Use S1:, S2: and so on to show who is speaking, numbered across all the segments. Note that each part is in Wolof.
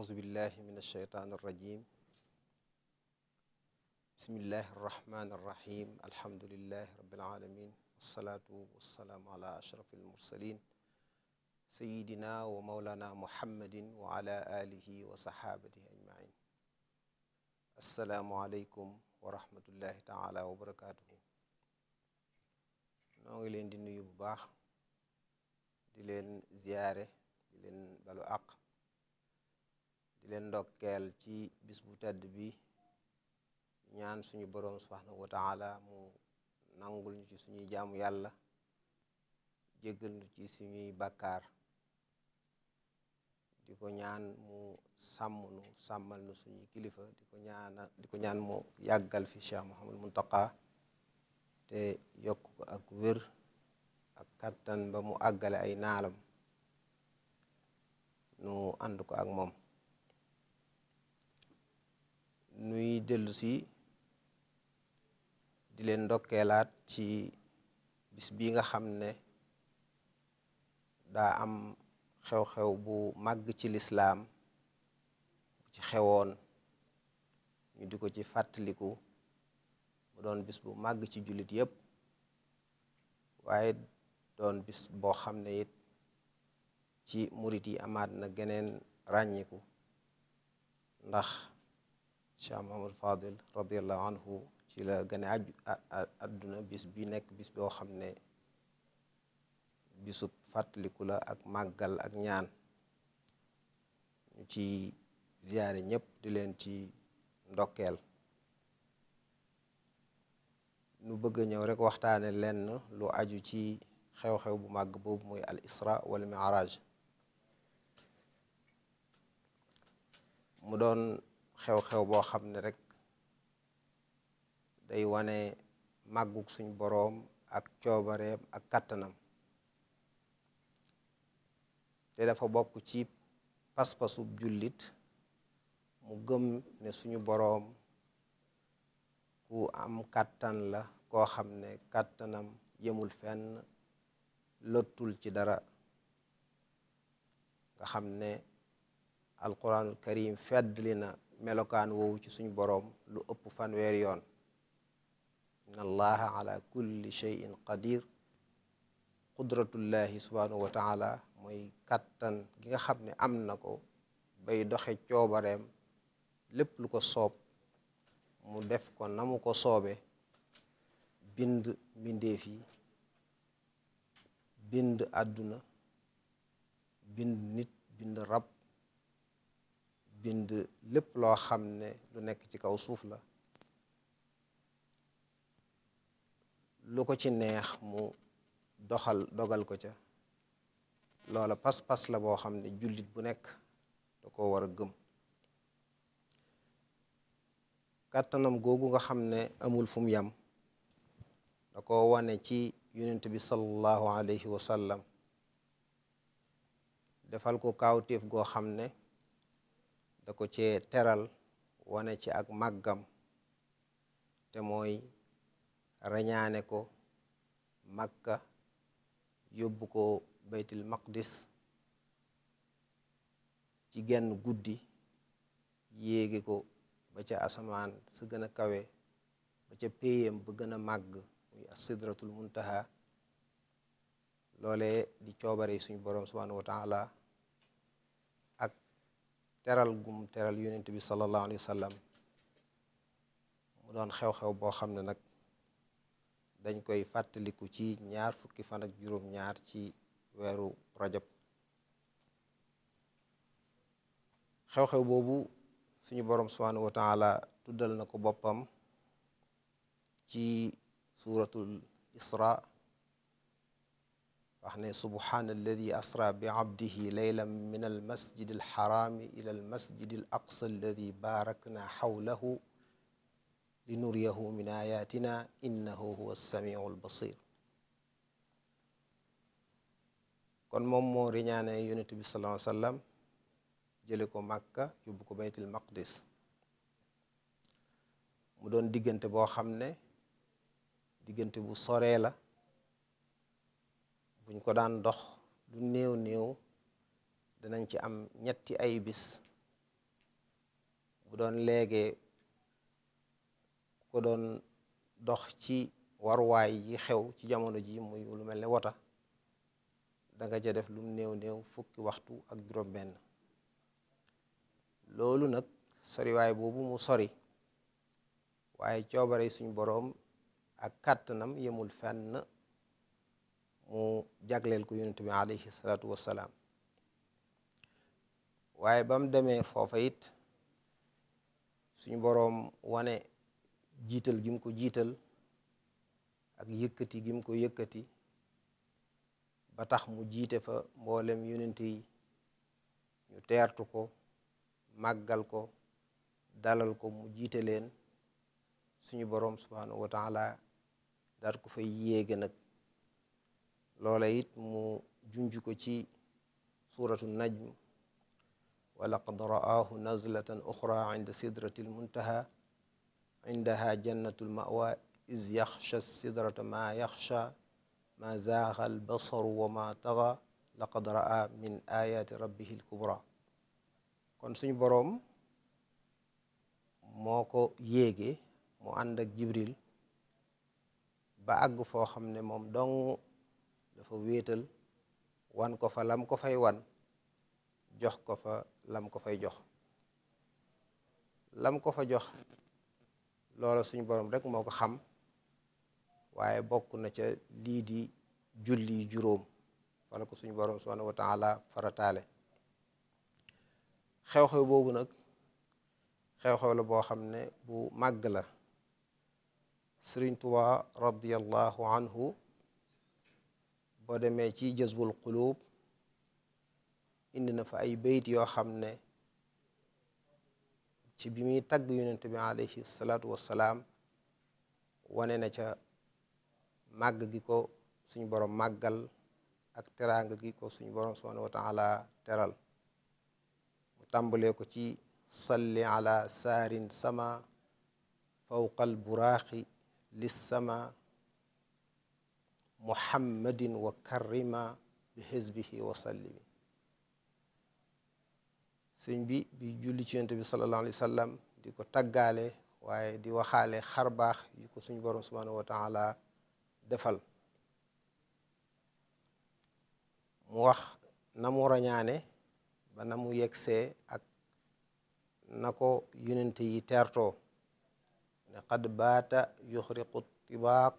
S1: أعوذ بالله من الشيطان الرجيم بسم الله الرحمن الرحيم الحمد لله رب العالمين والصلاة والسلام على أشرف المرسلين سيدنا ومولانا محمد وعلى آله وصحابته أجمعين السلام عليكم ورحمة الله تعالى وبركاته noo ngi leen di nuyu bu baax di leen ziyaare di leen balu àq di leen ndokkeel ci bis bu tedd bi ñaan suñu boroom subhanahu wa taala mu nangul ñu ci suñuy jaamu yàlla jéggal ñu ci suñuy bakkaar di ko ñaan mu sàmm nu nu suñuy kilifa di ko di ko ñaan mu yàggal fi Cheikh Mouhammad Muntaqa te yokk ak wér ak kattan ba mu àggale ay naalam nu ànd ak moom dellu si di leen ndokkeelaat ci bis bi nga xam ne daa am xew-xew bu màgg ci lislaam bu ci xewoon ñu di ko ci fàttaliku mu doon bis bu màgg ci jullit yépp waaye doon bis boo xam ne it ci murit yi amaat na geneen ràññiku ndax Cheikh Mahamad Fadil radiallahu anhu ci la gane aju àdduna bis bi nekk bis boo xam ne bisub fàttaliku la ak màggal ak ñaan ñu ci ziyaare ñépp di leen ci ndokkeel nu bëgg a ñëw rekk waxtaane lenn lu aju ci xew-xew bu màgg boobu mooy al isra wal mi'raj mu doon xew-xew boo xam ne rek day wane màggug suñ boroom ak coobareem ak kàttanam te dafa bokk ci pas-pasub jullit mu gëm ne suñu boroom ku am kàttan la koo xam ne kàttanam yemul fenn lottul ci dara nga xam ne alquranul karim feddli na melokaan woowu ci suñ boroom lu ëpp fanweer yoon inna allaha ala kulli shay'in qadir qudratullahi subhanahu wa taala mooy kàttan gi nga xam ne am na ko bay doxe coobareem lépp lu ko soob mu def ko namu ko soobee bind mbindeef yi bind àdduna bind nit bind rab bind lépp loo xam ne lu nekk ci kaw suuf la lu ko ci neex mu doxal dogal ko ca loola pas-pas la boo xam ne jullit bu nekk da ko war a gëm kàttanam googu nga xam ne amul fu mu yam da ko wane ci yonent bi sallallahu alayhi wa defal ko kaawteef goo xam ne ko cee teral wane ci ak màggam te mooy rañaane ko makka yóbbu ko baytul maqdis ci genn guddi yéege ko ba ca asamaan sa kawe ba ca péyam ba gën a màgg muy asidratul muntaha loole di coobare suñu boroom subhanahu wa teral gum teral yonent bi sallallahu alayhi wa mu doon xew-xew boo xam ne nag dañ koy fàttaliku ci ñaar fukki fan ak juróom-ñaar ci weeru rajab xew-xew boobu suñu boroom subhanahu wa taala tuddal na ko boppam ci suuratul isra wax ne subhaana alladi asra bi abdihi laylan min almasjid alxaraami ila almasjid al aqsa alladi baarakna xawlahu linuriyahu min ayatina innahu huwa alsamiu albasir kon moom moo riñaane yonent bi sallallahu alayhi wa sallam jële ko màkka yóbbu ko baytul maqdis mu doon diggante boo xam ne diggante bu soree la buñ ko daan dox lu néew néew dinañ ci am ñetti ay bis bu doon léegi ko doon dox ci waruwaay yi xew ci jamono ji muy lu mel ni wota danga ca def lu néew néew fukki waxtu ak juróom benn loolu nag soriwaay boobu mu sori waaye coobare suñ boroom ak kàttanam yemul fenn mu jagleel ko yonent bi alayhi salaatu wassalaam waaye bam demee foofa it suñu boroom wane jiital gi ko jiital ak yëkkati gim ko yëkkati ba tax mu jiite fa mboolem yonent yi ñu teertu ko màggal ko dalal ko mu jiite leen suñu boroom subhaanahu wa taala ko fa yéege nag loola it mu junj ko ci suratu najm wa laqad ra'aahu nazlatan uxra inda sidrati lmuntaha indaha jannatu lmawa iz yaxsha sidrata ma yaxsha ma zaaxa albasaru wa ma taxa laqad raa min ayaati rabbihi lkubra kon suñu boroom moo ko mu ànd jibril ba foo xam ne dong dafa wéetal wan ko fa lam ko fay wan jox ko fa lam ko fay jox lam ko jox loola suñu boroom rek moo ko xam waaye bokk na ca lii di julli juróom wala ko suñu borom subhanahu wa taala farataale xew-xew boobu nag xew-xew la boo xam ne bu màgg la Sëriñ Tuubaa radiyallahu anhu boo demee ci jazbul qulub indi na fa ay bayt yoo xam ne ci bi muy tagg yonent bi alayhi salaatu wassalaam wane na ca màgg gi ko suñu borom màggal ak teraanga gi ko suñu borom subhanahu wa taala teral mu tàmbalee ko ci salli ala saarin sama fawqa al buraaqi sama muhammadin wa karrima bi hizbihi wa sallimi sëñ bi bi julli ci yonent bi sallallahu alayhi sallam di ko taggaale waaye di waxaale xar baax yu ko suñ borom subhanahu wa taala defal mu wax na mu rañaane ba na mu yegsee ak na ko yonent yi teertoo ne qad baata yuxriqu tibaaq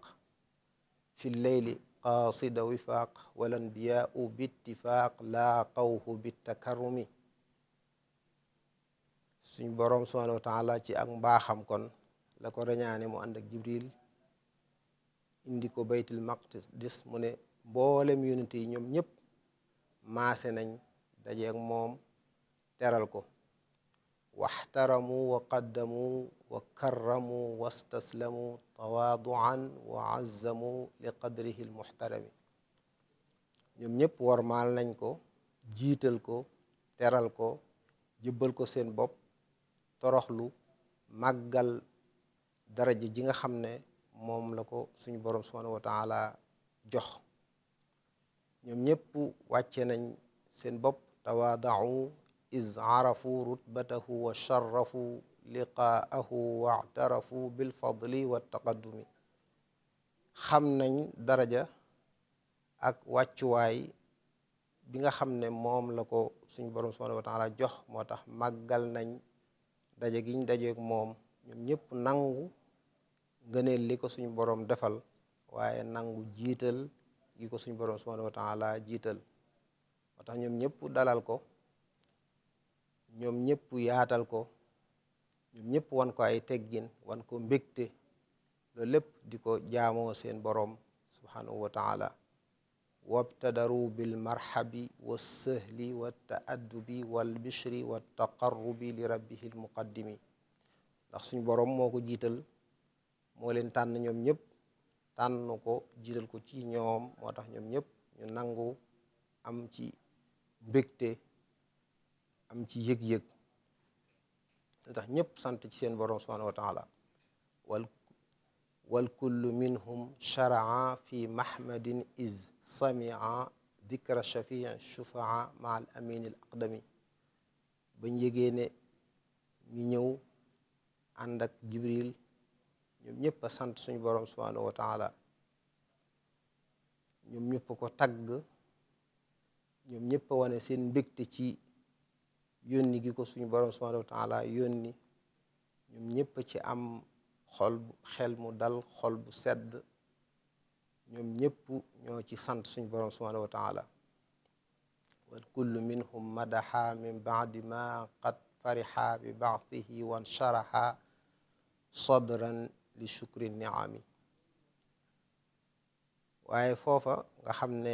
S1: fi lleyli qaasida wifaaq walanbiyaau bittifaaq laaqawhu bittakarrumi suñ boroom subhaanahu wa taala ci ak mbaaxam kon la ko reñaane mu ànd ak jibril indi ko baytul maqdis mu ne mboolem yonent yi ñoom ñëpp maase nañ dajeeg moom teral ko waxtaramu wa qaddamu wa karramuu wastaslamu tawaaduan wa azzamu li qadrihi lmuxtarami ñoom ñëpp wormaal nañ ko jiital ko teral ko jëbbal ko seen bopp toroxlu màggal daraja jinga xam ne moom la ko suñu boroom subhaanahu wa taala jox ñoom ñëpp wàcce nañ seen bopp tawaadau iz arafu rutbatahu wa sharrafu liqaahu waatarafu bilfadli waltaqaddumi xam nañ daraja ak wàccuwaay bi nga xam ne moom la ko suñ borom subhanahu wa taala jox moo tax màggal nañ daje giñ dajeeg moom ñoom ñëpp nangu ngëneel li ko suñ borom defal waaye nangu jiital gi ko suñ borom subhanahu wa taala jiital moo tax ñoom ñëpp dalal ko ñoom ñëpp yaatal ko ñoom ñëpp wan ko ay teggin wan ko mbégte loolu lépp di ko jamoo seen boroom subhanahu wa taala wabtadaru bilmarxabi walsahli waltaaddubi walbishri waltaqarrubi li rabbihi lmuqaddimi ndax suñ boroom moo ko jiital moo leen tànn ñoom ñëpp tànn ko jiital ko ci ñoom moo tax ñoom ñëpp ñu nangu am ci mbégte am ci yëg-yëg tax ñëpp sant ci seen borom subhanahu wa taala wal wal kullu minhum sharaa fi mahmadin iz samia dikra shafii shufaa maa amin aqdami bañ yégee ñu ñëw ànd ak jibril ñoom ñëpp sant suñu borom subhanahu wa taala ñoom ñëpp ko tagg ñoom ñëpp a wane seen mbégte ci yónni gi ko suñu borom subhanahu wa taala yónni ñoom ñépp ci am xol bu xel mu dal xol bu sedd ñoom ñépp ñoo ci sant suñu borom subhanahu wa taala wal kullu minhum madaxa min baadi ma qad farixa bi baadihi wansharaxa sadran li shukri niami waaye foofa nga xam ne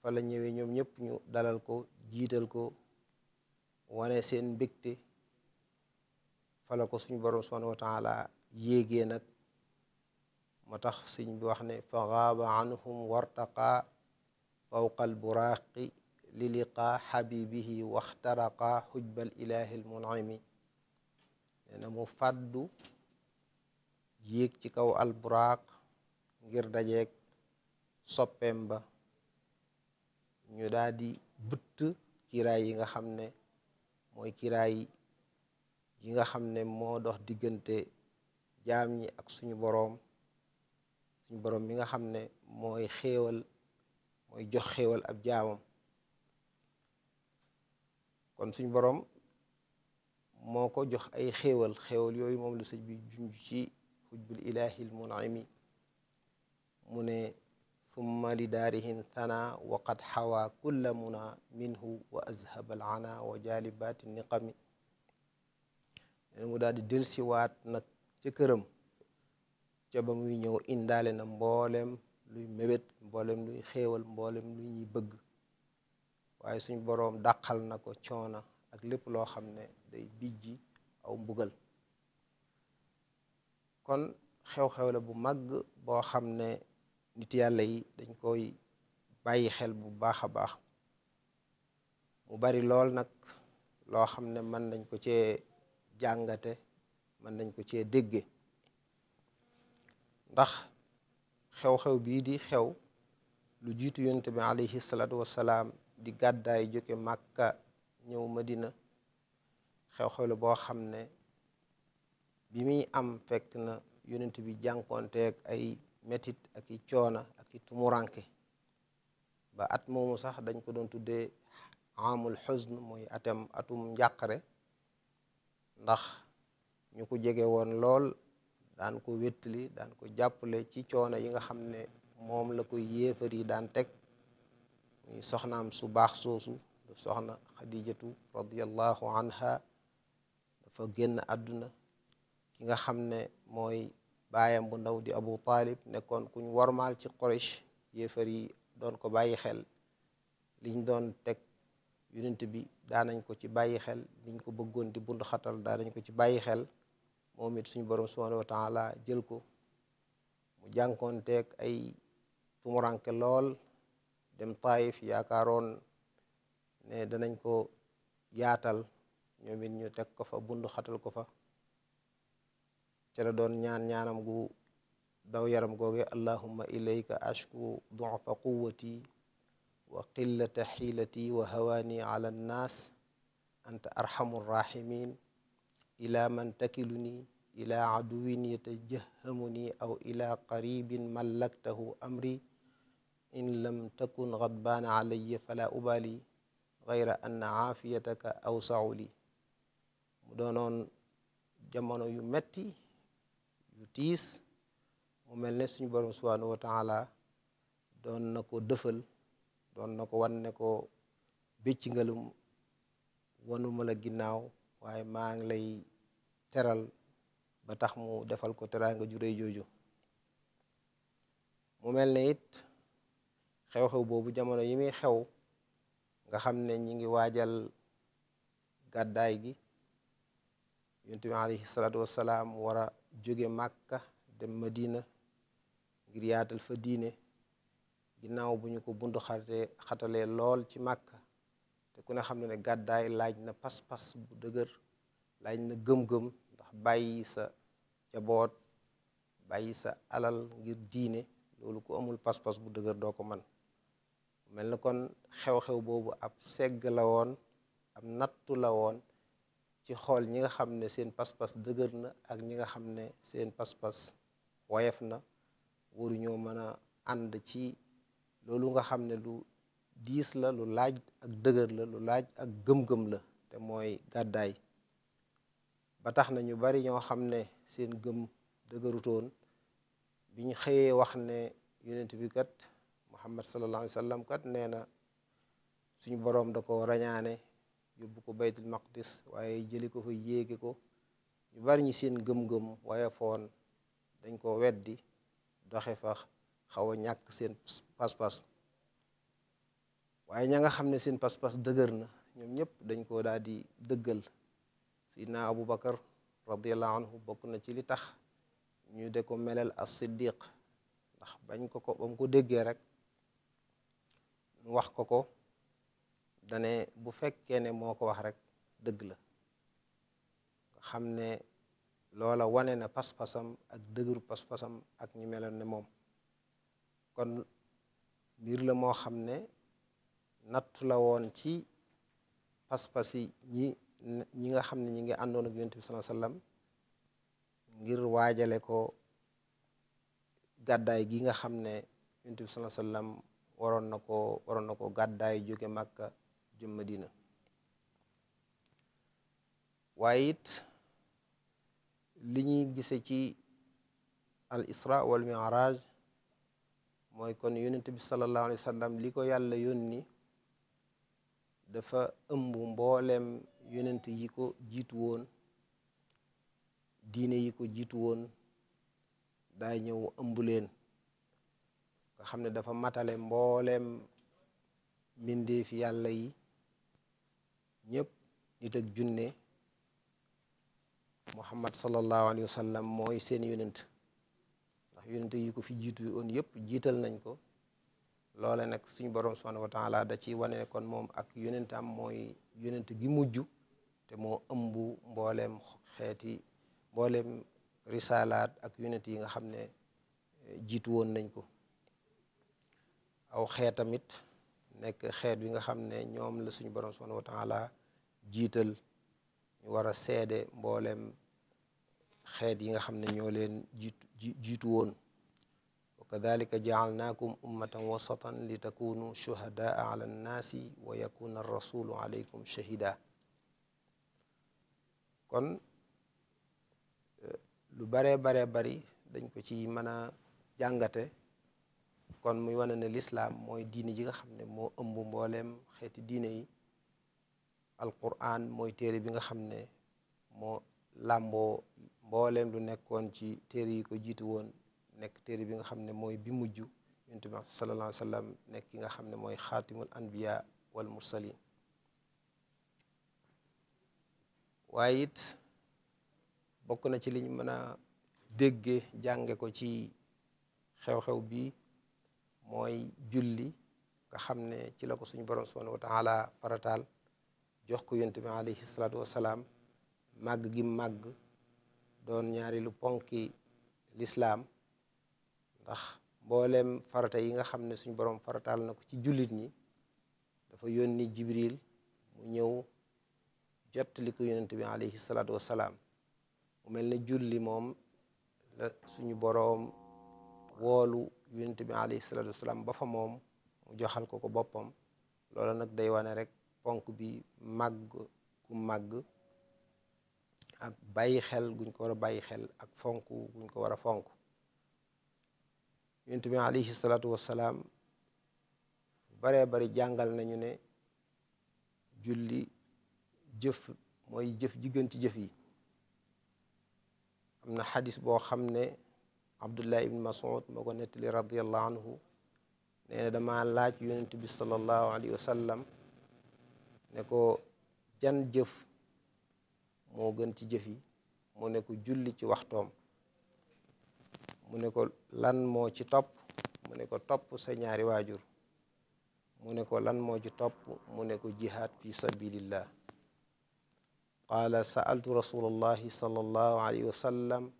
S1: fa la ñëwee ñoom ñépp ñu dalal ko jiital ko wane seen mbégte fala ko suñ borom subhanahu wa taala yéegee nag moo tax suñ bi wax ne fa gaaba anhum wartaqa fawqa alburaaqi li liqa xabibihi waxtaraqa xujbal ilahi almunimi nee na mu fàddu yéeg ci kaw alburaaq ngir dajeeg soppeem ba ñu daal di bëtt yi nga xam ne mooy kiraay yi nga xam ne moo dox diggante jaam ñi ak suñu boroom suñu boroom mi nga xam ne mooy xéewal mooy jox xéewal ab jaamam kon suñu boroom moo ko jox ay xewal xewal yooyu moom lu sëñ bi junj ci xujbul ilaahil mun'imi mu ne ثم لداره ثنى وقد حوى كل منى منه وأذهب العنا وجالبات النقم mu daal di delsiwaat nag ca këram ca ba muy ñëw indaale na mboolem luy mébét mboolem luy xéewal mboolem lu ñuy bëgg waaye suñ boroom dàqal na ko coona ak lépp loo xam ne day bijji aw mbugal kon xew-xew la bu màgg boo xam ne nit yàlla yi dañ koy bàyyi xel bu baax a baax mu bari lool nag loo xam ne mën nañ ko cee jàngate mën nañ ko cee dégge ndax xew-xew bii di xew lu jiitu yonent bi alayhi salaatu wasalaam di gàddaay jóge màkka ñëw madina xew-xew la boo xam ne bi muy am fekk na yonent bi jànkoonteeg ay metit ak i coona ak i tumuranke ba at moomu sax dañ ko doon tuddee amul xusn muy atem atum njàqare ndax ñu ko jege woon lool daan ko wéttali daan ko jàppale ci coono yi nga xam ne moom la koy yéefar yi daan teg muy soxnaam su baax soosu du soxna xadijatu radiyallahu anha dafa génn àdduna ki nga xam ne mooy baayam bu ndaw di abu taalib nekkoon kuñ wormaal ci quraish yéefar yi doon ko bàyyi xel liñ doon teg yonent bi daanañ ko ci bàyyi xel liñ ko bëggoon ti bundu xatal daanañ ko ci bàyyi xel moom it suñu borom subhanahu wa taala jël ko mu jànkoon jànkoonteeg ay tumuranke lool dem taayif yaakaaroon ne danañ ko yaatal ñoomit ñu teg ko fa bundu xatal ko fa ca la doon ñaan ñaanam gu daw yaram googe allahuma ilayka ashku dufa quwati wa qillata xiilati wa hawaani ala annaas anta arhamu rahimin ila man takiluni ila aduwin yatajahamuni aw ila qaribin mallaktahu amri in lam takun gadbaana alayya fala ubali gayra anna aafiyataka awsau li mu doonoon jamono yu metti yu tiis mu mel ne suñu borom subhanahu wa doon na ko dëfal doon na ko wan ne ko bëcc ngalum wanuma la ginnaaw waaye maa ngi lay teral ba tax mu defal ko teraanga ju rëy jooju mu mel ne it xew-xew boobu jamono yi muy xew nga xam ne ñi ngi waajal gàddaay gi yonent bi alayhi salaatu wassalaam jóge màkka dem madina ngir yaatal fa diine ginnaaw bu ñu ko buntu xate xatalee lool ci màkka te ku ne xam ne ne gàddaay laaj na pas-pas bu dëgër laaj na gëm-gëm ndax bàyyi sa jaboot bàyyi sa alal ngir diine loolu ku amul pas-pas bu dëgër doo ko man mel na kon xew-xew boobu ab segg la woon ab nattu la woon ci xool ñi nga xam ne seen pas-pas dëgër na ak ñi nga xam ne seen pas-pas woyof na waruñoo mën a ànd ci loolu nga xam ne lu diis la lu laaj ak dëgër la lu laaj ak gëm-gëm la te mooy gàddaay ba tax na ñu bari ñoo xam ne seen gëm dëgërutoon bi ñu xëyee wax ne yonent bi kat Muhammad sallallahu alayhi wa sallam kat nee na suñu boroom da ko rañaane yóbbu ko baytul maqdis waaye jëli ko fa yéege ko ñu bari ñi seen gëm-gëm waaye foon dañ ko weddi doxe fa xaw a ñàkk seen pas-pas waaye ña nga xam ne seen pas-pas dëgër na ñoom ñëpp dañ ko daal di dëggal sidna abu bakar radiallahu anhu bokk na ci li tax ñu de ko melal as siddiq ndax bañ ko ko ba ko déggee rek wax ko ko dane bu fekkee ne moo ko wax rek dëgg la nga xam ne loola wane na pas-pasam ak dëgëru pas-pasam ak ñu meloon ne moom kon mbir la moo xam ne nattu la woon ci pas-pas yi ñi ñi nga xam ne ñi ngi àndoon ak yonent bi sallallahu ngir waajale ko gàddaay gi nga xam ne yonent bi sallallahu alayhi waroon na ko waroon na ko gàddaay jóge Màkka jëm Madina waaye li ñuy gise ci al isra wal mi'raj mooy kon yonent bi sallallahu alayhi wa li ko yàlla yónni dafa ëmb mboolem yonent yi ko jiitu woon diine yi ko jiitu woon daa ñëw ëmb leen nga xam ne dafa matale mboolem mbindeefi yàlla yi ñépp nit ak junne muhammad sallallahu alayhi wa sallam mooy seen yonent ndax yonent yi ko fi jiitu woon yépp jiital nañ ko loole nag suñu borom subhanahu wa taala da ci wane ne kon moom ak yonentam mooy yonent gi mujj te moo ëmb mbooleem xeeti mbooleem risalaat ak yonent yi nga xam ne eh, jiitu woon nañ ko aw xeetamit nekk xeet wi nga xam ne ñoom la suñu borom subhanahu wa taala jiital ñu war a seede mbooleem xeet yi nga xam ne ñoo leen jiitu jiitu woon wa kadalika jaalnaakum ummatan wasatan li takunu shuhadaa ala annaasi wa yakuna arrasulu aleykum shahida kon eh, lu baree baree bari dañ ko ci mën a jàngate kon muy wane ne lislaam mooy diine ji nga xam ne moo ëmb mbooleem xeeti diine yi alquran mooy téere bi nga xam ne moo làmboo mbooleem lu nekkoon ci téere yi ko jiitu woon nekk téere bi nga xam ne mooy bi mujj yonent bi sallallahu alayhi wa nekk ki nga xam ne mooy xaatimul anbiya wal mursalin waaye it bokk na ci liñ mën a dégge jànge ko ci xew-xew bi mooy julli nga xam ne ci la ko suñu borom subhanahu wa taala farataal jox ko yonent bi alayhi salaatu wasalaam màgg gi màgg doon ñaari lu ponki lislaam ndax mboolem farata yi nga xam ne suñu borom farataal na ko ci jullit ñi dafa yónni jibril mu ñëw jottali ko yonent bi alayhi salaatu wasalaam mu mel ne julli moom la suñu boroom woolu yonent bi alayhi salaatu wasalaam ba fa moom mu joxal ko ko boppam loolu nag day wane rek ponk bi màgg ku màgg ak bàyyi xel guñ ko war a bàyyi xel ak fonk guñ ko war a fonk yonent bi alayhi salaatu wasalaam baree bari jàngal nañu ne julli jëf mooy jëf ji ci jëf yi am na xadis boo xam ne abdullah ibn mas'ud moo ko nettali radiallahu anhu nee na dama laaj yonent bi salallahu alayhi wa ne ko jan jëf moo gën ci jëf yi mu ne ko julli ci waxtoom mu ne ko lan moo ci topp mu ne ko topp sa ñaari waajur mu ne ko lan moo ci topp mu ne ko jihaad fi sabilillah qaala sa'altu rasulallahi salallahu alayhi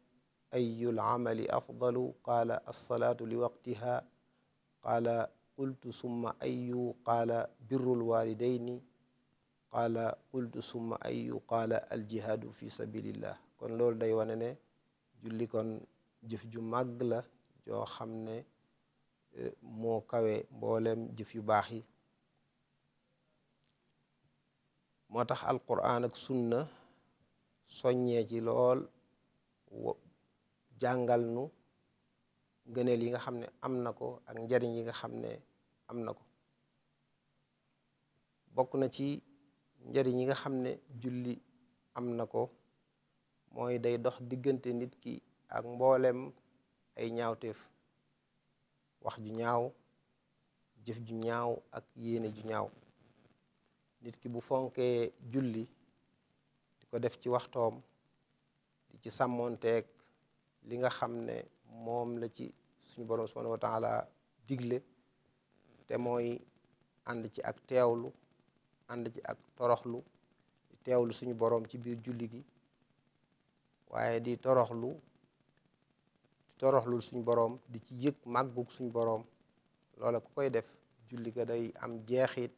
S1: ayul amali afdalu qaala alsalaatu li waqtiha qaala qultu summa ayu qaala birru lwalidayni qaala qultu summa ayu qaala aljihaadu fi sabilillah kon loolu day wane ne julli kon jëf ju màgg la joo xam ne e, moo kawe mbooleem jëf yu baax yi moo tax alquran ak sunna soññee ci lool jàngal nu ngëneel yi nga xam ne am na ko ak njariñ yi nga xam ne am na ko bokk na ci njariñ yi nga xam ne julli am na ko mooy day dox diggante nit ki ak mboolem ay ñaawteef wax ju ñaaw jëf ju ñaaw ak yéene ju ñaaw nit ki bu fonkee julli di ko def ci waxtoom di ci sàmmoonteeg li nga xam ne moom la ci suñu borom subhanahu wa taala digle te mooy ànd ci ak teewlu ànd ci ak toroxlu teewlu suñu boroom ci biir julli gi waaye di toroxlu toroxlu suñu boroom di ci yëg màggug suñu boroom loola ku koy def julli ga day am jeexit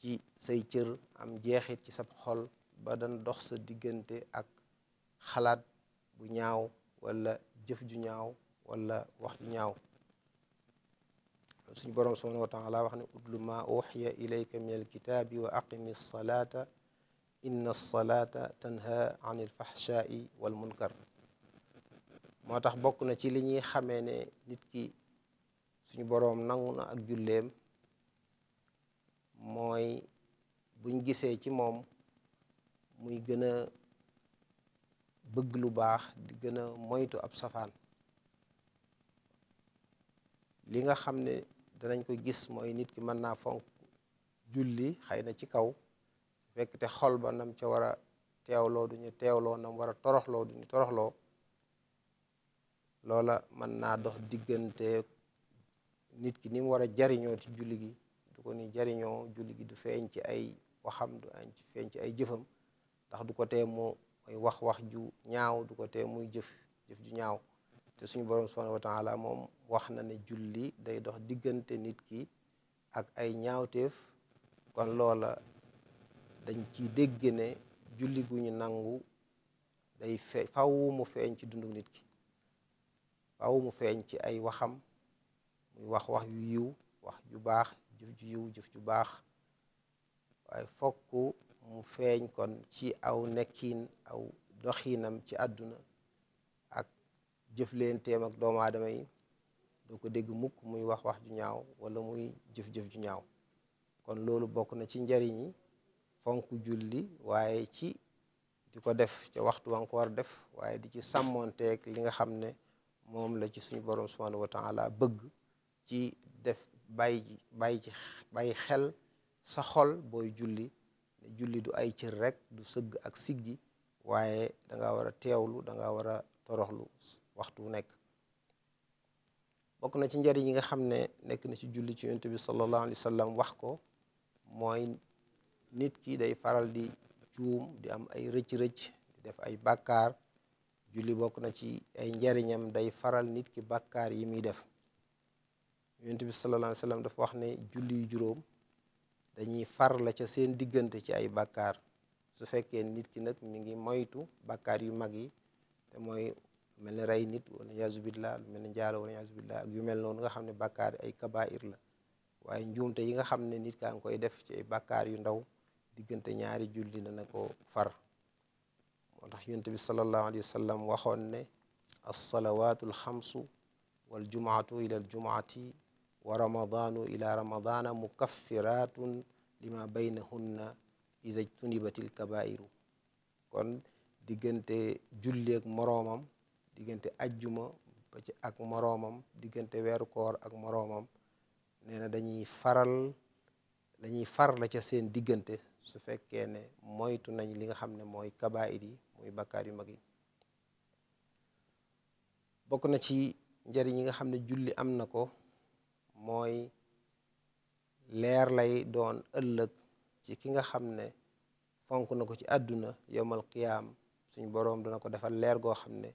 S1: ci say cër am jeexit ci sab xol ba dañ dox sa diggante ak xalaat bu ñaaw wala jëf ju ñaaw wala wax ju ñaaw suñu boroom subhanahu wa wax ne utlu ma uxiya ilayka min alkitaabi wa aqimi salaata inna salaata tanha an alfaxshaai walmunkar moo tax bokk na ci li ñuy xamee ne nit ki suñu boroom nangu na ak julleem mooy buñ gisee ci moom muy gën bëgg lu baax di gën a moytu ab safaan li nga xam ne danañ ko gis mooy nit ki mën naa fonk julli xëy na ci kaw fekk te xol ba nam ca war a teewloo duñu teewloo nam war a toroxloo duñu toroxloo loola mën naa dox diggante nit ki ni mu war a jariñoo ci julli gi du ko ni jariñoo julli gi du feeñ ci ay waxam du feeñ ci ay jëfam ndax du ko tee mooy wax wax ju ñaaw du ko tee muy jëf jëf ju ñaaw te suñu borom subhanahu wa taala moom wax na ne julli day dox diggante nit ki ak ay ñaawteef kon loola dañ ci dégg ne julli gu ñu nangu day fe faw mu feeñ ci dundu nit ki faw mu feeñ ci ay waxam muy wax wax yu yiw wax ju baax jëf ju yiw jëf ju baax waaye fokk mu feeñ kon ci aw nekkiin aw doxiinam ci àdduna ak jëfleenteem ak doomu aadama yi doo ko dégg mukk muy wax wax ju ñaaw wala muy jëf-jëf ju ñaaw kon loolu bokk na ci njariñ yi fonk julli waaye ci di ko def ca waxtu wa ko war def waaye di ci sàmmoonteek li nga xam ne moom la ci suñu borom subhanahu wa taala bëgg ci def bàyyi bàyyi bàyyi xel sa xol booy julli julli du ay cër rek du sëgg ak siggi waaye danga war teewlu danga war a toroxlu waxtu wu nekk bokk na ci njariñ yi nga xam ne nekk na ci julli ci yonent bi sallallahu wax ko mooy nit ki day faral di juum di am ay rëcc-rëcc def ay bàkkaar julli bokk na ci ay njariñam day faral nit ki bàkkaar yi muy def yonent bi sallallahu alayhi dafa wax ne julli yu juróom dañuy far la ca seen diggante ci ay bàkkaar su fekkee nit ki nag mi ngi moytu bakkaar yu mag yi te mooy mel ni rey nit wala yaasu billah mel ni njaalo wala yaasu billah ak yu mel noonu nga xam ne bakkaar ay kabair la waaye njuumte yi nga xam ne nit kaa ngi koy def ci ay bàkkaar yu ndaw diggante ñaari julli na ko far moo tax yonent bi sallallahu alayhi wa sallam waxoon ne alsalawatu alxamsu waljumaatu ila aljumaati wa ramadanu ila ramadana mukaffiratun lima baynahunna iza jtunibatil kabairu kon diggante julli ak moroomam diggante ajjuma ba ak moroomam diggante weeru koor ak moroomam nee na dañuy faral dañuy far ca seen diggante su fekkee ne moytu nañ li nga xam ne mooy kabaayir yi bakkaar yu mag bokk na ci njariñ yi nga xam ne julli am na ko mooy leer lay doon ëllëg ci ki nga xam ne fonk na ko ci àdduna yowmal qiyaam suñ boroom dana ko defal leer goo xam ne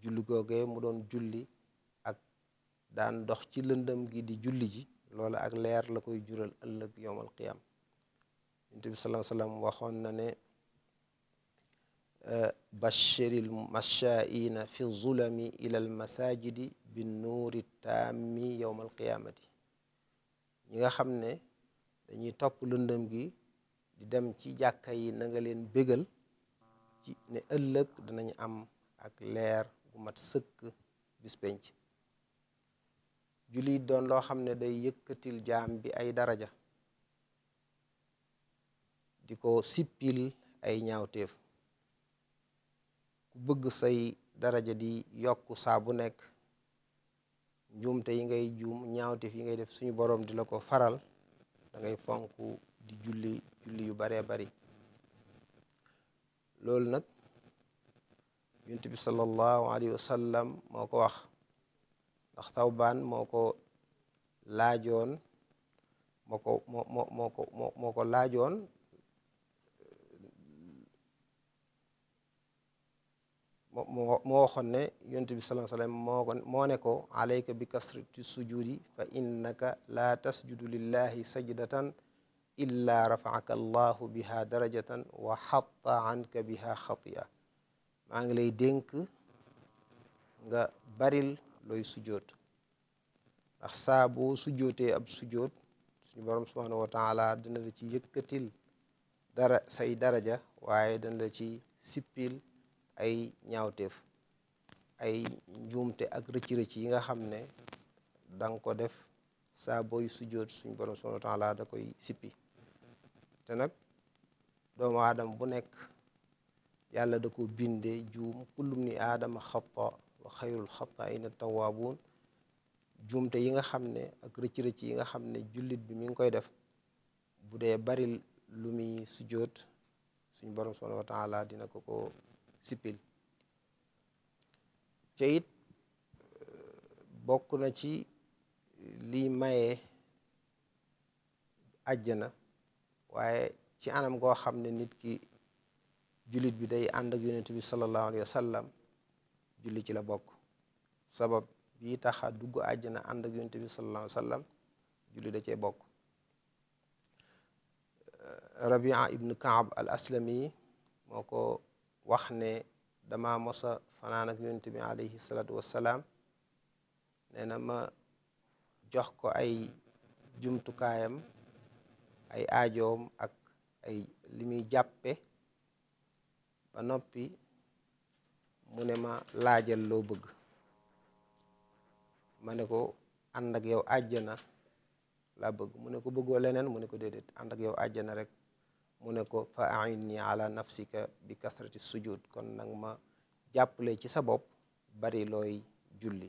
S1: julli googee mu doon julli ak daan dox ci lëndëm gi di julli ji loola ak leer la koy jural ëllëg yowmal qiyaam yonent bi salaam salaam waxoon na ne bashir al mashaa'ina fi zulami ila masajidi bi nuuri taami yowma al ñi nga xam ne dañuy topp lëndëm gi di dem ci jàkka yi na leen bégal ci ne ëllëg danañu am ak leer gu mat sëkk bis penc jullit doon loo xam ne day yëkkatil jaam bi ay daraja di ko sippil ay ñaawteef ku bëgg say daraja di yokk saa bu nekk njuumte yi ngay juum ñaawte yi ngay def suñu boroom di la ko faral dangay ngay fonk di julli julli yu baree bari loolu nag yunt bi sallallahu alayhi wa moo ko wax ndax tawbaan moo ko laajoon moo ko moo moo ko moo ko laajoon moo moo waxoon ne yonent bi sallallahu alayhi moo ko ko alayka bi kasrati sujudi fa innaka laa tasjudu lillahi sajdatan illa rafaaka allahu biha darajatan wa anka biha xatia maa ngi lay dénk nga baril looy sujoot ndax saa boo sujootee ab sujoot suñu borom subhanahu wa taala dina la ci yëkkatil dara say daraja waaye dana la ci sippil ay ñaawteef ay njuumte ak rëcc yi nga xam ne danga ko def saa booy sujjoot suñ borom subhanahu wa taala da koy te nag doomu bu nekk yàlla da ko binde juum aadama xata wa xayrul xata ina yi nga xam ne ak rëcc-rëcc yi nga xam ne jullit bi mi ngi koy def bu dee bari lu muy sujjoot suñ borom dina ko ko sippil te euh, bokk na ci liy maye àjjana waaye ci anam goo xam ne nit ki jullit bi day ànd ak yonent bi sallallahu alayhi wa ci la bokk sabab bii taxa dugg àjjana ànd ak yonent bi sallallahu alayhi wa sallam cee bokk euh, rabia ibnu kaab al aslami moo ko wax ne dama mosa fanaan ak yonent bi alayhi salaatu wassalaam nee ma jox ko ay jumtukaayam ay ajoom ak ay li muy jàppe ba noppi mu ne ma laajal loo bëgg ma ne ko ànd ak yow àjjana laa bëgg mu ne ko bëggoo leneen mu ne ko déedéet ànd ak yow àjjana rek mu ne ko fa aini ala nafsika bi kathrati sujud kon nag ma jàppale ci sa bopp bari looy julli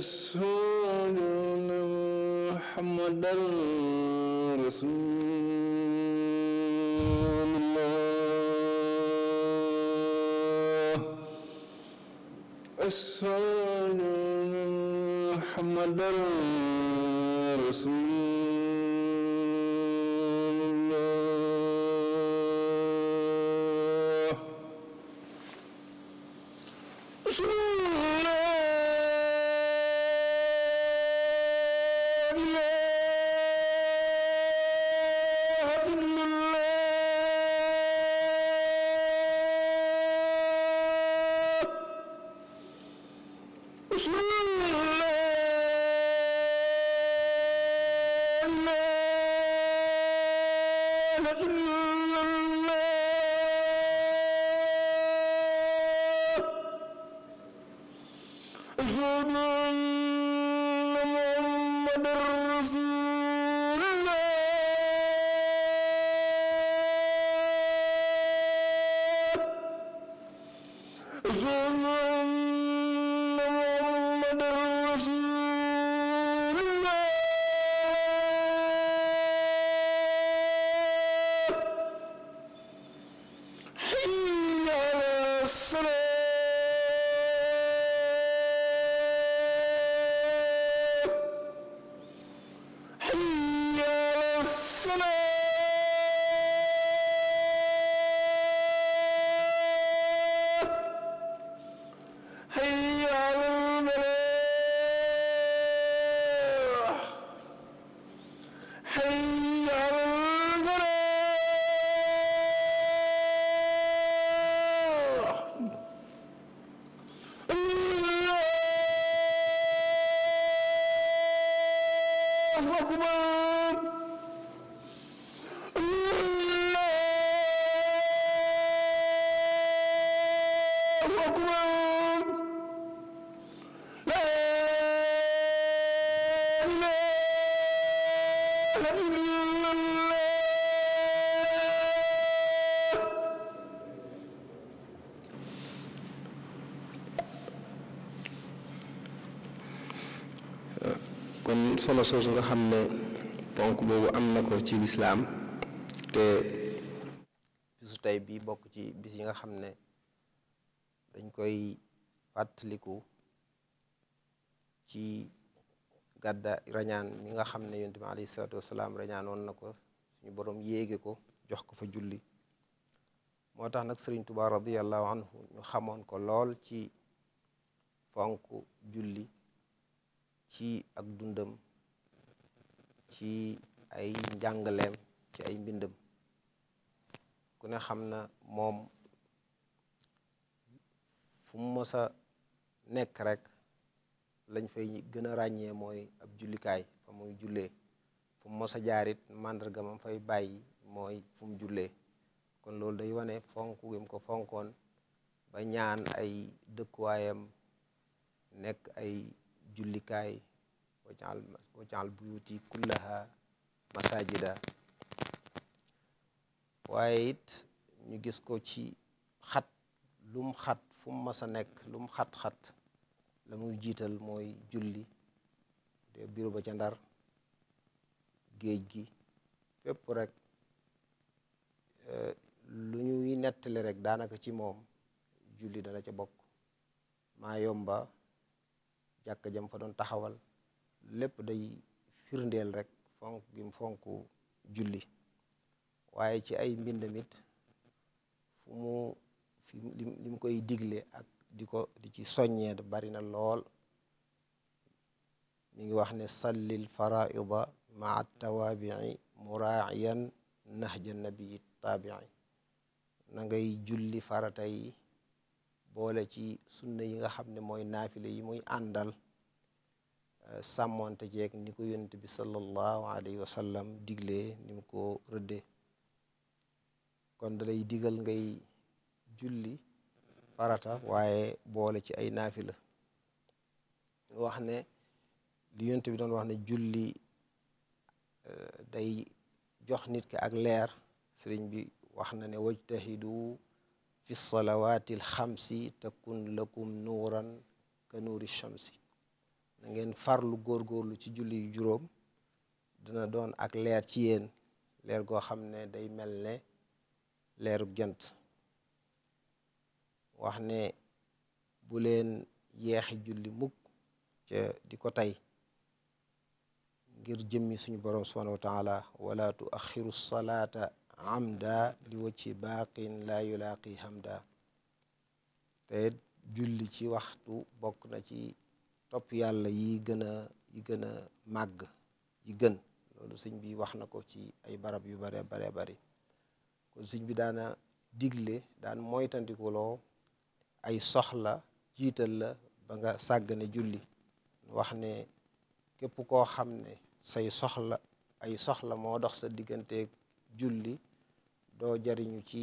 S2: رسولنا محمدا رسول الله رسولنا محمدا رسول
S1: solo soosu nga xam ne ponk boobu am na ko ci lislaam te bisu tey bi bokk ci bis yi nga xam ne dañ koy fàttaliku ci gàdda rañaan mi nga xam ne yonent bi alayhi salaatu wasalaam na ko suñu boroom yéege ko jox ko fa julli moo tax nag sëriñ Tuubaa radiyallahu anhu ñu xamoon ko lool ci fonk julli ci ak dundam ci ay njàngaleem ci ay mbindam ku ne xam na moom fu mu mës nekk rek lañ fay gën a ràññee mooy ab jullikaay fa muy jullee fu mu mës a jaarit màndarga ma fay bàyyi mooy fu mu jullee kon loolu day wane fonk gim ko fonkoon ba ñaan ay dëkkuwaayam nekk ay jullikaay wajal wajal buyuti kullaha waaye it ñu gis ko ci xat lum xat fu mu a nekk lum xat-xat la muy jiital mooy julli de bureau ba ca ndar géej gi fépp rek eh, lu ñuy nettali rek daanaka ci moom julli dana ca bokk maa yomba jàkka jam fa doon taxawal lépp day firndeel rek fonk gi mu fonk julli waaye ci ay mbindamit fu mu fi li koy digle ak di ko di ci soññee bari na lool mi ngi wax ne sallil faraida maa tawaabii muraayan nahja nabii taabii na ngay julli farata yi boole ci sunna yi nga xam ne mooy naafile yi muy àndal sàmmonte jeeg ni ko yonent bi sallallahu alayhi wa sallam diglee ni ko rëddee kon dalay digal ngay julli farata waaye boole ci ay naafila wax ne li yonent bi doon wax julli euh, day jox nit ki ak leer sëriñ bi wax na ne wajtahidu fi salawaati alxamsi takun lakum nuuran ka nuuri shamsi na ngeen farlu góorlu ci julli yu juróom dina doon ak leer ci yéen leer goo xam ne day mel ne leeru jant wax ne bu leen yeexi julli mukk ca di ko tey ngir jëmmi suñu boroom subhanahu wa wala tu axiru salaata amda li wacci baaqin laa yulaaqi hamda te julli ci waxtu bokk na ci topp yàlla yi gën a yi gën a màgg yi gën loolu sëñ bi wax na ko ci ay barab yu bare bare bari kon sëñ bi daana digle daan moytandikuloo ay soxla jiital la ba nga sàggane julli wax ne képp koo xam ne say soxla ay soxla moo dox sa digganteeg julli doo jariñu ci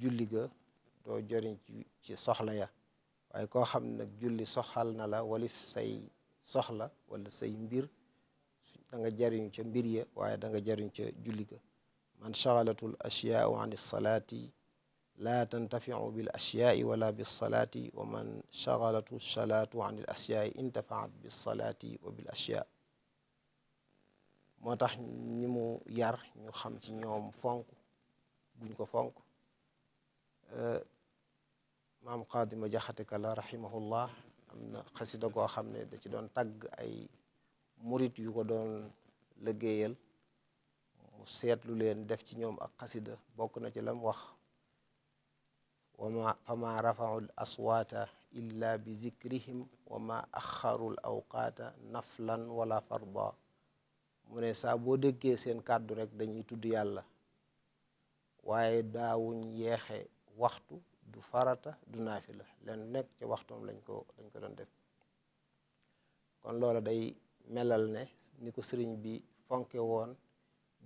S1: julli ga doo jariñ ci soxla ya waaye koo xam ne nag julli soxal na la walif say soxla wala say mbir da nga jariñu ca mbir ya waaye da nga jariñu ca julli ga man shaghalatu l ashyaau an lsalaati laa tantafiu bil ashyaai wala bilsalaati wa man shaghalatu salaatu an l ashyaai intafaat bilsalaati wa bil ashyaa moo tax ñi mu yar ñu xam ci ñoom fonk guñ ko fonk maam xaadima jaxate kala rahimahullah am na xasida goo xam ne da ci doon tagg ay murit yu ko doon liggéeyal mu seetlu leen def ci ñoom ak xasida bokk na ci lam wax wama fama rafaul aswaata illa bi zikrihim wama axarul awqaata naflan wala farda mu ne saa boo déggee seen kàddu rek dañuy tudd yàlla waaye daawuñ yeexe waxtu du farata du la leen nekk ci waxtoom lañ ko lañ ko doon def kon loola day melal ne ni ko sëriñ bi fonke woon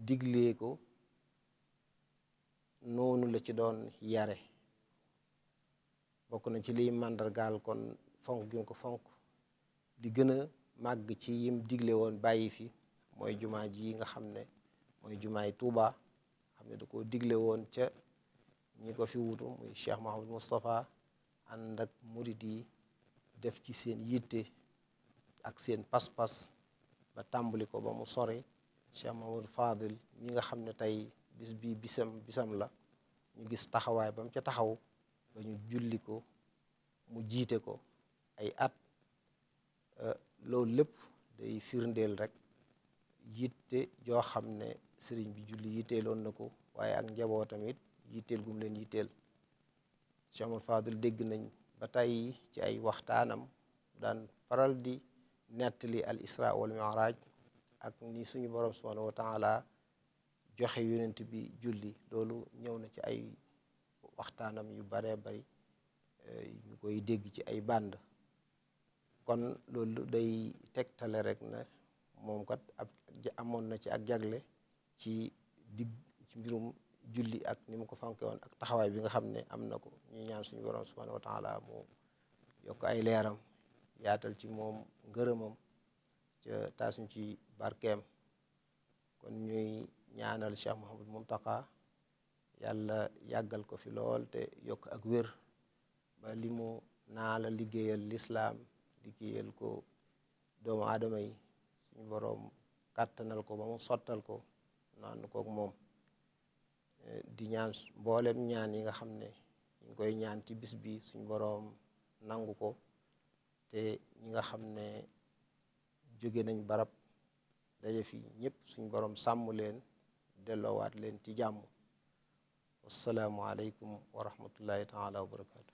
S1: diglee ko noonu la ci doon yare bokk na ci liy màndargaal kon fonk gi ko fonk di gën a màgg ci yim digle woon bàyyi fi mooy jumaa ji nga xam ne mooy jumaay Tuuba xam ne da koo digle woon ca ñi ko fi wutu muy Cheikh Mahamadou Moustapha ànd ak murid def ci seen yitte ak seen pas-pas ba tàmbali ko ba mu sori Cheikh Mahamadou Fadil ñi nga xam ne tey bis bi bisam bisam la ñu gis taxawaay ba mu ca taxaw ba ñu julli ko mu jiite ko ay at euh, loolu lépp day firndeel rek yitte joo xam ne sëriñ bi julli yitte loon na ko waaye ak njabootam it yitteel gum leen yitteel Cheikh Amadou Fadel dégg nañ ba tey ci ay waxtaanam daan faral di nettali al isra wal miraaj ak ni suñu borom subhanahu wa taala joxe yonent bi julli loolu ñëw na ci ay waxtaanam yu bare bari eh, ñu koy dégg ci ay bànd kon loolu day tegtale rek na moom kat ab amoon na ci ak jagle ci digg ci mbirum julli ak ni mu ko fanke woon ak taxawaay bi nga xam ne am na ko ñuy ñaan suñu borom subhanahu wa taala mu yokk ay leeram yaatal ci moom ngërëmam ca taasuñ ci barkeem kon ñuy ñaanal Cheikh Mouhamadou Mountakha yàlla yàggal ko fi lool te yokk ak wér ba li mu naala liggéeyal lislaam liggéeyal ko doomu aadama yi suñu boroom kàttanal ko ba mu sottal ko naan kook moom di ñaan mboolem ñaan yi nga xam ne ñu ngi koy ñaan ci bis bi suñ boroom nangu ko te ñi nga xam ne jóge nañ barab daje fi ñëpp suñ boroom sàmm leen delloowaat leen ci jàmm wasalaamu aleykum wa rahmatullahi taala wa barakaatu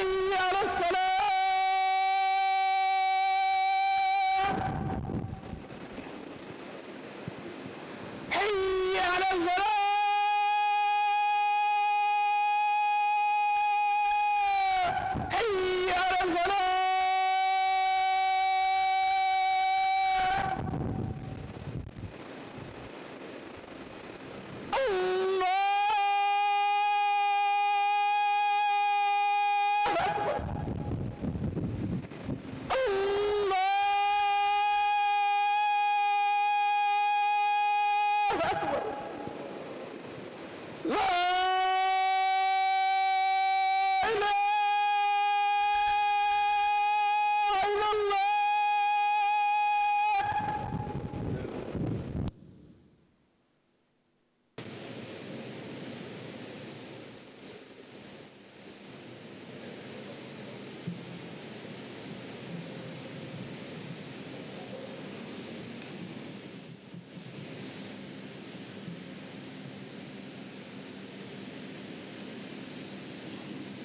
S2: Hayya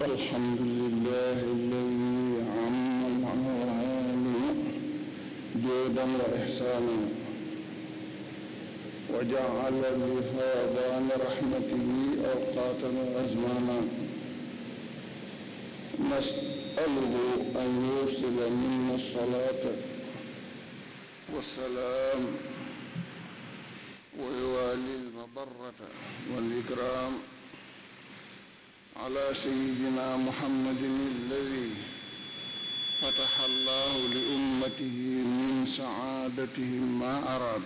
S3: الحمد لله الذي عم العالم جودا وإحسانا وجعل لفاضان رحمته أوقاتا وأزمانا نسأله أن يرسل منا الصلاة والسلام محمد الذي فتح الله لأمته من سعادتهم ما أراد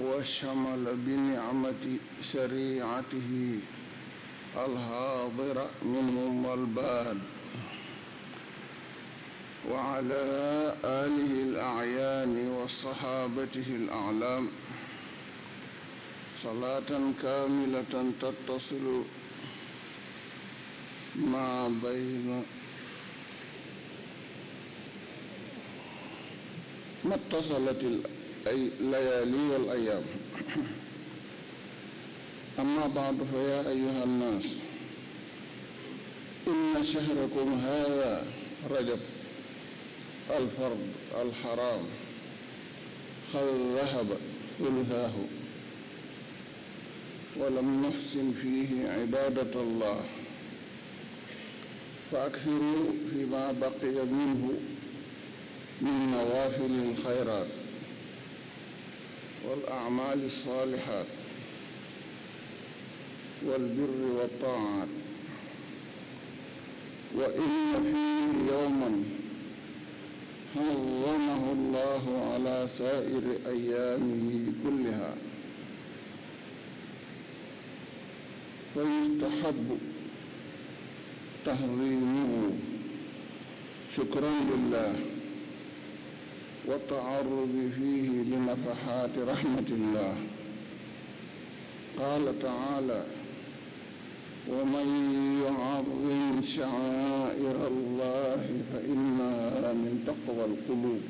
S3: وشمل بنعمة شريعته الحاضر منهم والباد وعلى آله الأعيان وصحابته الأعلام صلاة كاملة تتصل ما بين ما اتصلت الليالي والأيام أما بعد فيا أيها الناس إن شهركم هذا رجب الفرد الحرام قد ذهب ثلثاه ولم نحسن فيه عبادة الله fa aksiru fi ma baqiya minhu min nawaafilil xayraat wal amaali saalihaat wal birri wa taaat wa inna fi yowman عظمه الله على سائر أيامه كلها فيستحب تهذيبه شكرا لله والتعرض فيه لنفحات رحمة الله قال تعالى ومن يعظم شعائر الله فإنها من تقوى القلوب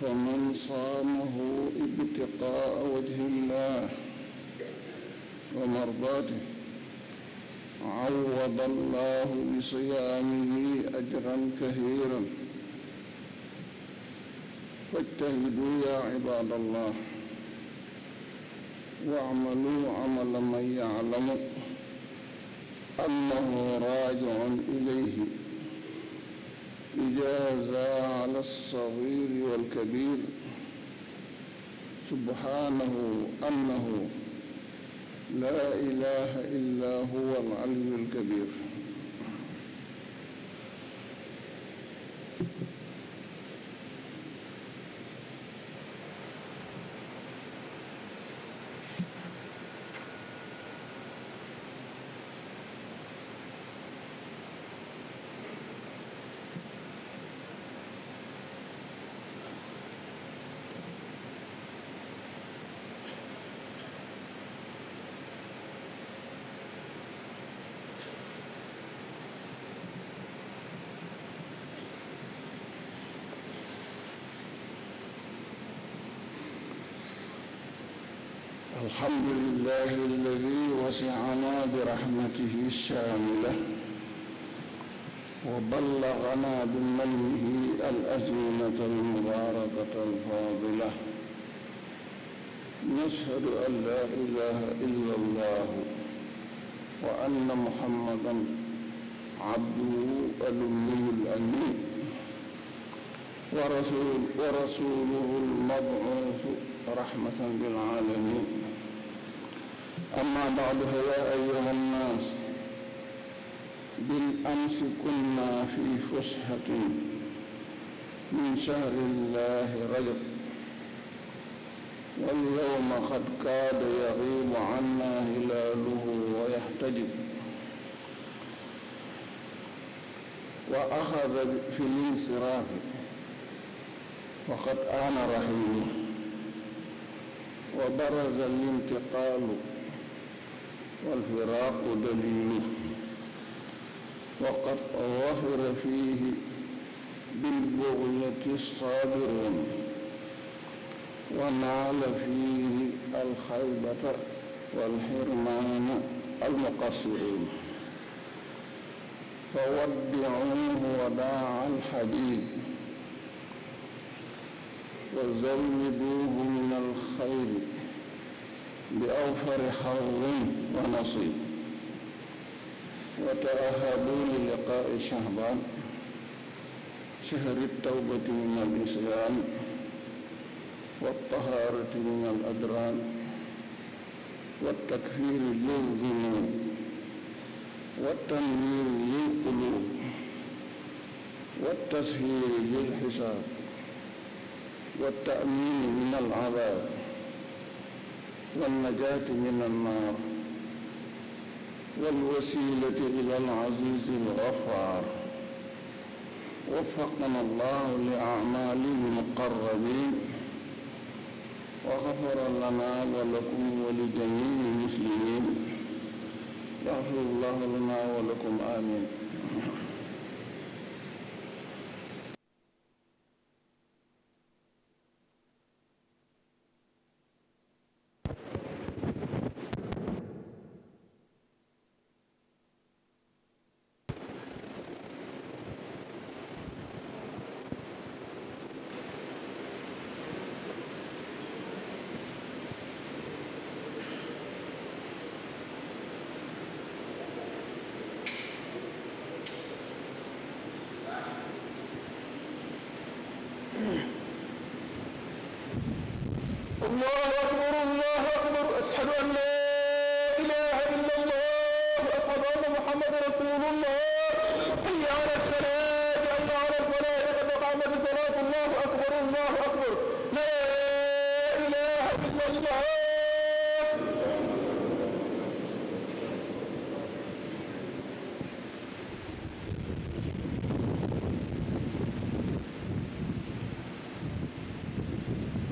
S3: فمن صامه ابتقاء وجه الله ومرضاته عوض الله بصيامه أجرا كثيرا فاجتهدوا يا عباد الله واعملوا عمل من يعلم أنه راجع إليه إجازة على الصغير والكبير سبحانه أنه laa ilaha illa huwa al aliyu al kabir الحمد لله الذي وسعنا برحمته الشاملة وبلغنا بمنه الأزمنة المباركة الفاضلة نشهد أن لا إله إلا الله وأن محمدا عبده الأمي الأمين ورسول ورسوله المبعوث رحمة للعالمين أما بعد فيا أيها الناس بالأمس كنا في فسحة من شهر الله رجب واليوم قد كاد يغيب عنا هلاله ويحتجب وأخذ في الانصراف وقد آن رحيله وبرز الانتقال والفراق دليله وقد ظهر فيه بالبغية الصابرون ونال فيه الخيبة والحرمان المقصرين فودعوه وداع الحديد وزودوه من الخير بأوفر حظ ونصيب وتأهبوا للقاء شهبان شهر التوبة من الإسلام والطهارة من الأدران والتكفير للذنوب والتنوير للقلوب والتسهيل للحساب والتأمين من العذاب والنجاة من النار والوسيلة إلى العزيز الغفار وفقنا الله لأعمال المقربين وغفر لنا ولكم ولجميع المسلمين يغفر الله لنا ولكم آمين
S2: الله أكبر الله أكبر أشهد أن لا إله إلا الله أشهد أن محمد رسول الله حي على السلام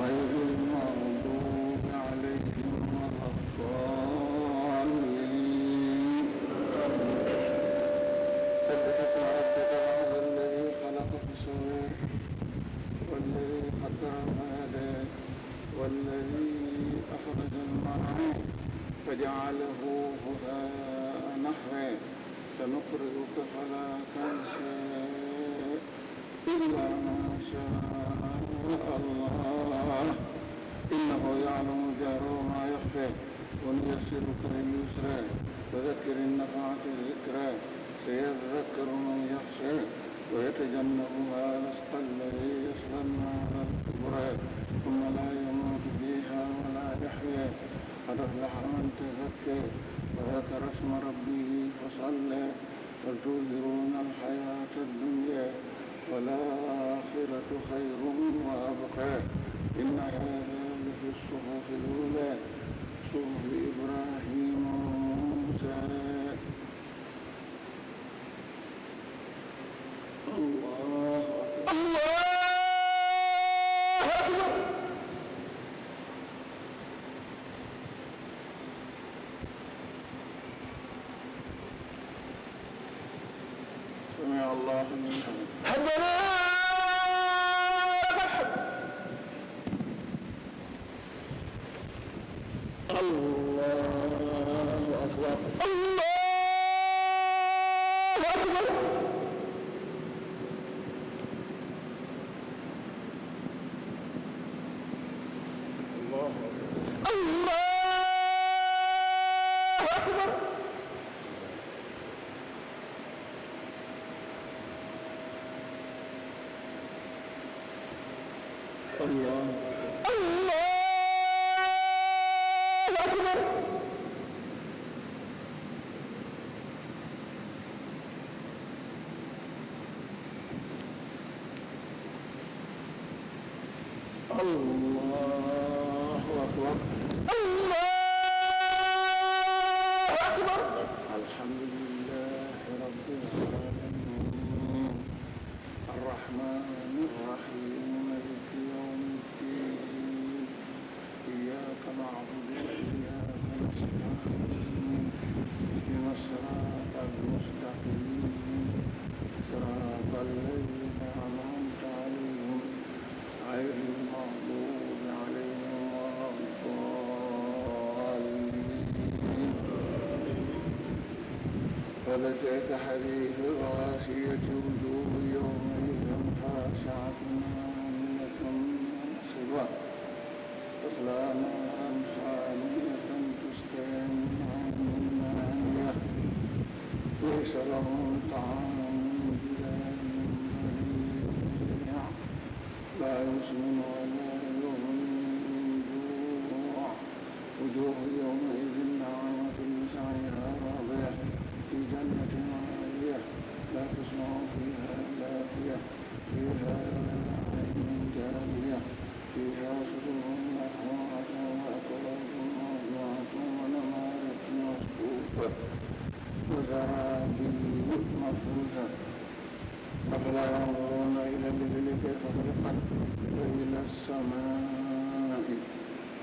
S3: غير المغضوب عليهم ولا الضالين سبح اسم ربك العظيم الذي خلق فسوى والذي قدر فهدى والذي أخرج المرعى فجعله هباء نحوه سنخرجك فلا تنسى إلا ما شاء الله إنه يعلم الجهر وما يخفى ونيسرك لليسرى فذكر النفعة الذكرى سيذكر من يخشى ويتجنبها الأشقى الذي يصلى النار الكبرى ثم لا يموت فيها ولا يحيا قد أفلح من تزكى وذكر اسم ربه فصلى بل تؤثرون الحياة الدنيا ولا والآخرة خير وأبقى إن هذا لفي الصحف الأولى صحف إبراهيم وموسى
S2: الله أكبر الله
S3: التي انت حديث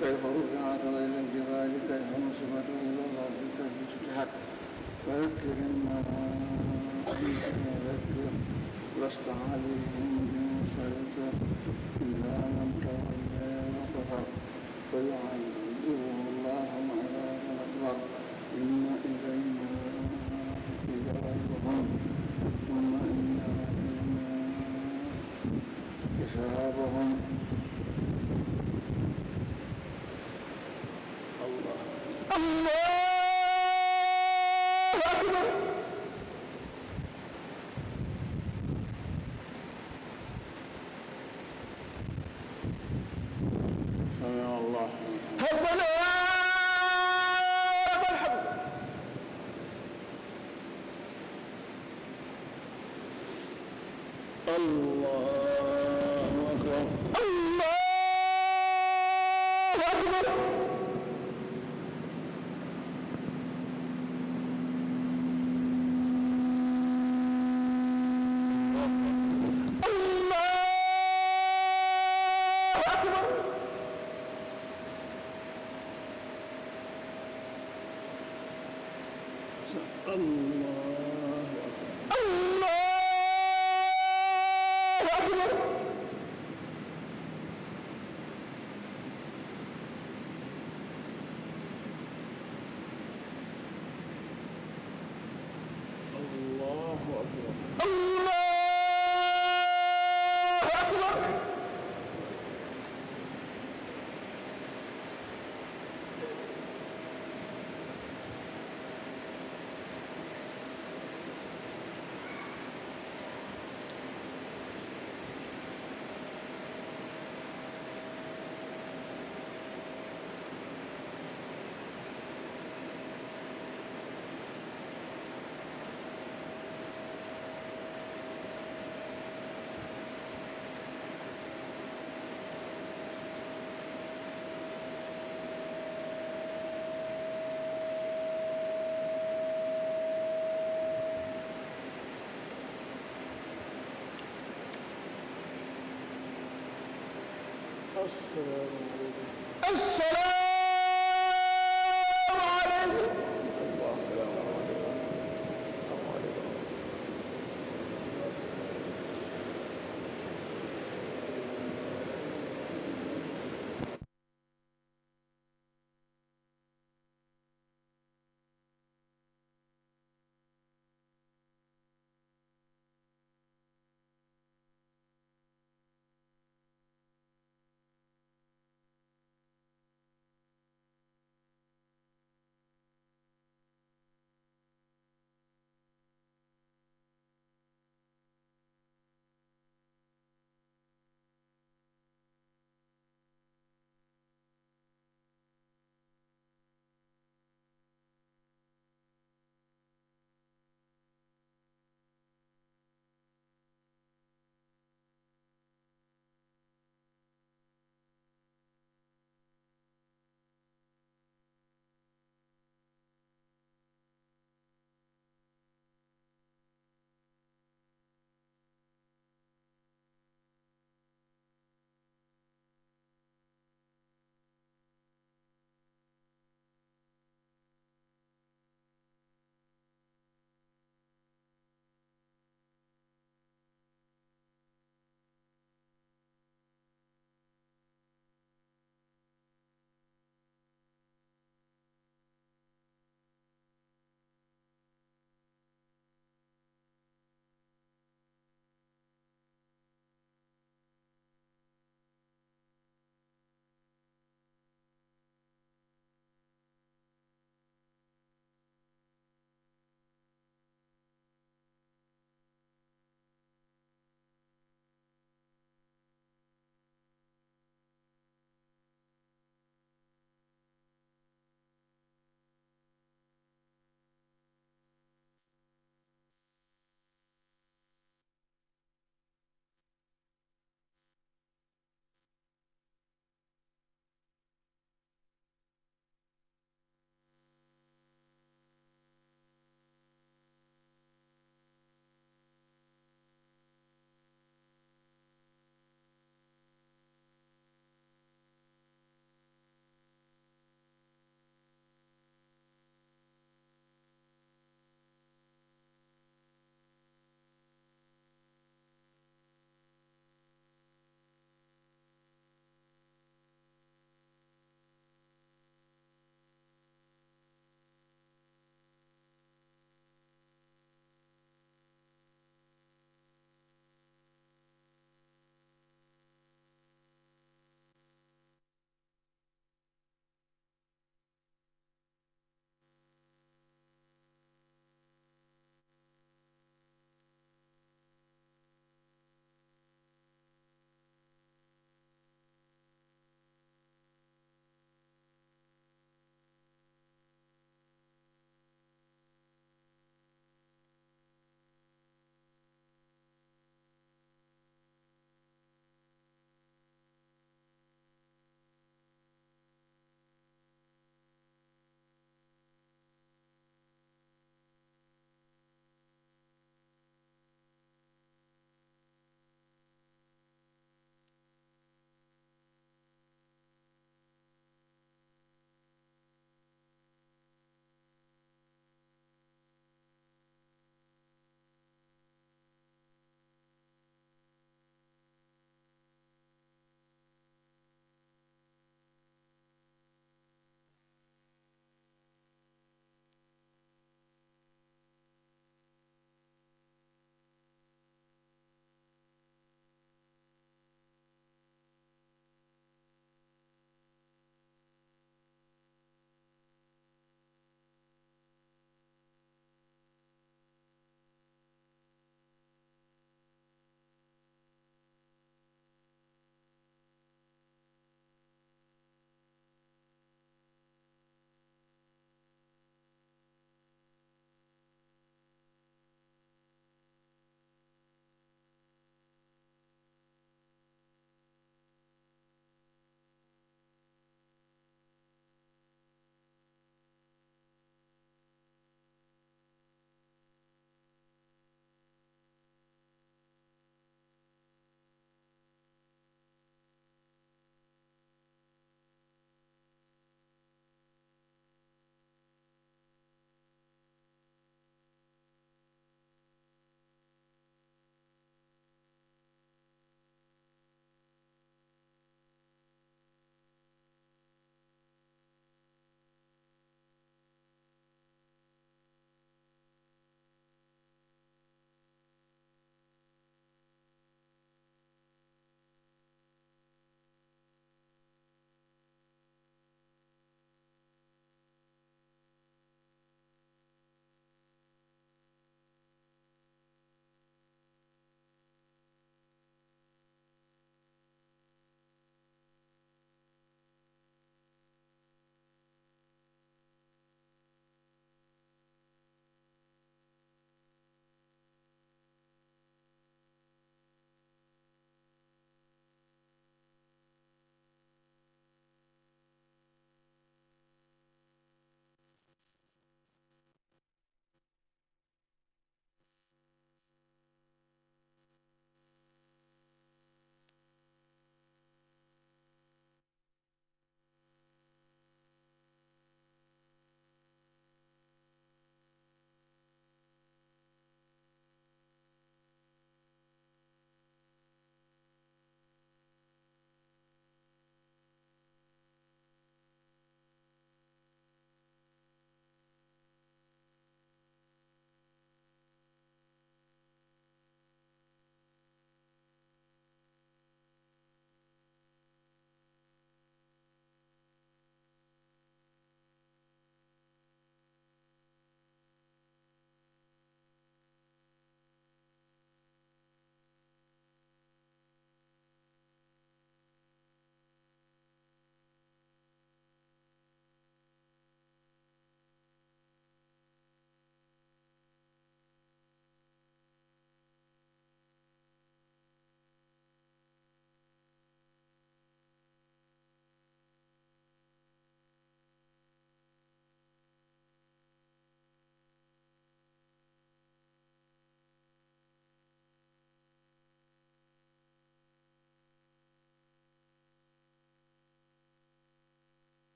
S3: كيف رفعت وإلى الجبال كيف نصبت وإلى الأرض كيف سطحت فذكر إنما أنت مذكر لست عليهم بمسيطر إلا من تولى وكفر فيعذبه الله العذاب الأكبر إن إلينا إجابهم ثم إن علينا حسابهم Allahu akbar
S2: السلام عليكم السلام